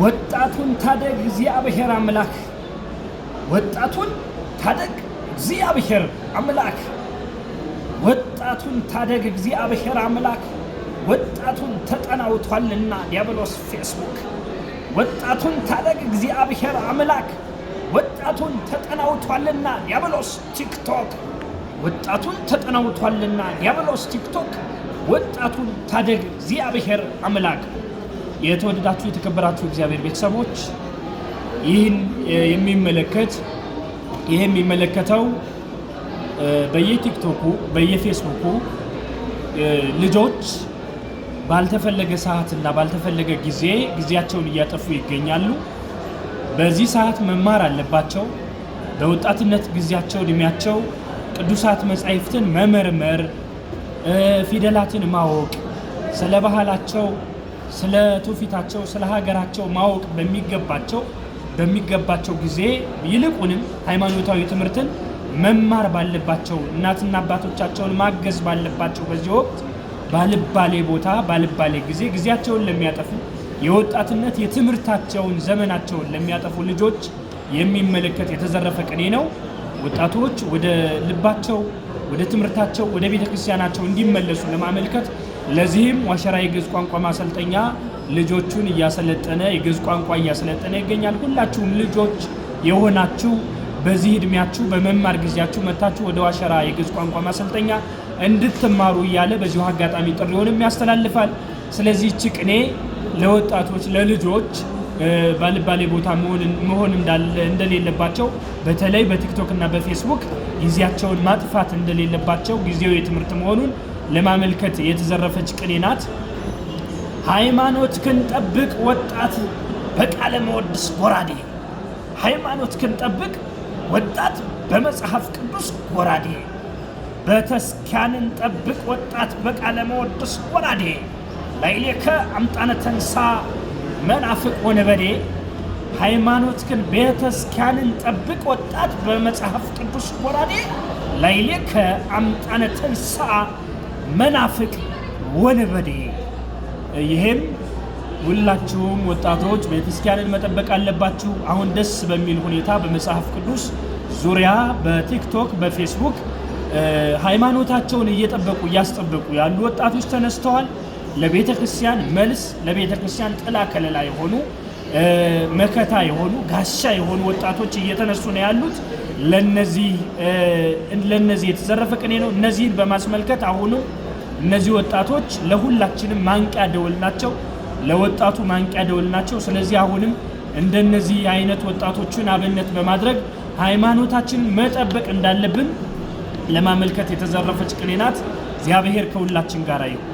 ወጣቱን ታደግ እግዚአብሔር አምላክ፣ ወጣቱን ታደግ እግዚአብሔር አምላክ፣ ወጣቱን ታደግ እግዚአብሔር አምላክ። ወጣቱን ተጠናውቷልና ዲያብሎስ ፌስቡክ፣ ወጣቱን ታደግ እግዚአብሔር አምላክ፣ ወጣቱን ተጠናውቷልና ዲያብሎስ ቲክቶክ፣ ወጣቱን ተጠናውቷልና ዲያብሎስ ቲክቶክ። ወጣቱን ታደግ እግዚአብሔር አምላክ የተወደዳችሁ የተከበራችሁ እግዚአብሔር ቤተሰቦች ይህን የሚመለከት ይህ የሚመለከተው በየቲክቶኩ በየፌስቡኩ ልጆች ባልተፈለገ ሰዓትና ባልተፈለገ ጊዜ ጊዜያቸውን እያጠፉ ይገኛሉ። በዚህ ሰዓት መማር አለባቸው። በወጣትነት ጊዜያቸው እድሜያቸው ቅዱሳት መጻሕፍትን መመርመር፣ ፊደላትን ማወቅ፣ ስለ ባህላቸው ስለ ትውፊታቸው ስለ ሀገራቸው ማወቅ በሚገባቸው በሚገባቸው ጊዜ ይልቁንም ሃይማኖታዊ ትምህርትን መማር ባለባቸው እናትና አባቶቻቸውን ማገዝ ባለባቸው በዚህ ወቅት ባልባሌ ቦታ ባልባሌ ጊዜ ጊዜያቸውን ለሚያጠፉ የወጣትነት የትምህርታቸውን ዘመናቸውን ለሚያጠፉ ልጆች የሚመለከት የተዘረፈ ቅኔ ነው። ወጣቶች ወደ ልባቸው፣ ወደ ትምህርታቸው፣ ወደ ቤተ ክርስቲያናቸው እንዲመለሱ ለማመልከት ለዚህም ዋሸራ የግዕዝ ቋንቋ ማሰልጠኛ ልጆቹን እያሰለጠነ የግዕዝ ቋንቋ እያሰለጠነ ይገኛል። ሁላችሁም ልጆች የሆናችሁ በዚህ እድሜያችሁ በመማር ጊዜያችሁ መታችሁ ወደ ዋሸራ የግዕዝ ቋንቋ ማሰልጠኛ እንድትማሩ እያለ በዚሁ አጋጣሚ ጥሪውንም ያስተላልፋል። ስለዚህ እቺ ቅኔ ለወጣቶች ለልጆች ባልባሌ ቦታ መሆን እንደሌለባቸው በተለይ በቲክቶክ እና በፌስቡክ ጊዜያቸውን ማጥፋት እንደሌለባቸው ጊዜው የትምህርት መሆኑን ለማመልከት የተዘረፈች ቅኔ ናት። ሃይማኖት ክን ጠብቅ ወጣት በቃለ መወድስ ጎራዴ። ሃይማኖት ክን ወጣት በመጽሐፍ ቅዱስ ጎራዴ። በተስኪያንን ጠብቅ ወጣት በቃለ መወድስ ጎራዴ። ላይሌከ አምጣነ ተንሳ መናፍቅ ወነበዴ። ሃይማኖት ክን ቤተስኪያንን ጠብቅ ወጣት በመጽሐፍ ቅዱስ ጎራዴ። ላይሌከ አምጣነ ተንሳ መናፍቅ ወንበዴ። ይሄም ሁላችሁም ወጣቶች ቤተክርስቲያንን መጠበቅ አለባችሁ። አሁን ደስ በሚል ሁኔታ በመጽሐፍ ቅዱስ ዙሪያ በቲክቶክ በፌስቡክ ሃይማኖታቸውን እየጠበቁ እያስጠበቁ ያሉ ወጣቶች ተነስተዋል። ለቤተክርስቲያን መልስ፣ ለቤተክርስቲያን ጥላ ከለላ የሆኑ መከታ የሆኑ ጋሻ የሆኑ ወጣቶች እየተነሱ ነው ያሉት። ለነዚህ የተዘረፈ ቅኔ ነው። እነዚህን በማስመልከት አሁኑ እነዚህ ወጣቶች ለሁላችንም ማንቂያ ደወል ናቸው፣ ለወጣቱ ማንቂያ ደወል ናቸው። ስለዚህ አሁንም እንደነዚህ አይነት ወጣቶችን አብነት በማድረግ ሃይማኖታችን መጠበቅ እንዳለብን ለማመልከት የተዘረፈች ቅኔ ናት። እግዚአብሔር ከሁላችን ጋር ይሁን።